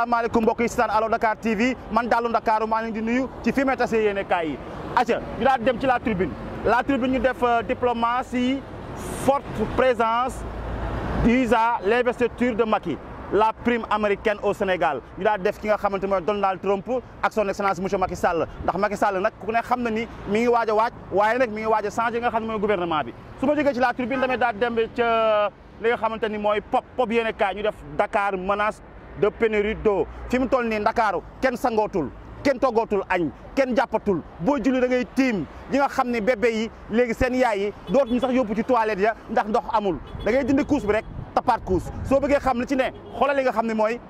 asalaamaaleykum mbokk yi staan Allo Dakar TV man dalu dakar ma ngi di nuyu ci fi may tase yéene kaay yi aca ñu daal dem ci la tribune la tribune ñu def euh, diplomatie forte présence d'ISA l'investiture de Macky la prime américaine au Sénégal ñu da def ki nga xamante mooy Donald Trump ak son excellence monsieur Macky Sall ndax Macky Sall nak ku ne xamna ni mi ngi waaj a waye nak mi ngi waaj a changé nga xam ne gouvernement bi suma ma jógee ci la tribune damay da dem ci euh, li nga xamante ni mooy pop pop yene kay ñu def Dakar menace de pénurie d'eau fi mu toll nii ndakaaru kenn sangootul kenn toggootul añ kenn jàppatul boo julli da ngay tiim ñi nga xam ne bébé yi léegi seen yaay yi dootuñu sax yóbbu ci toilette ya ndax ndox amul da ngay jënd couche bi rek tapaat couche soo bëggee xam li ci ne xoolal li nga xam ne mooy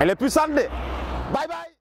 Elle est puissante. Bye bye.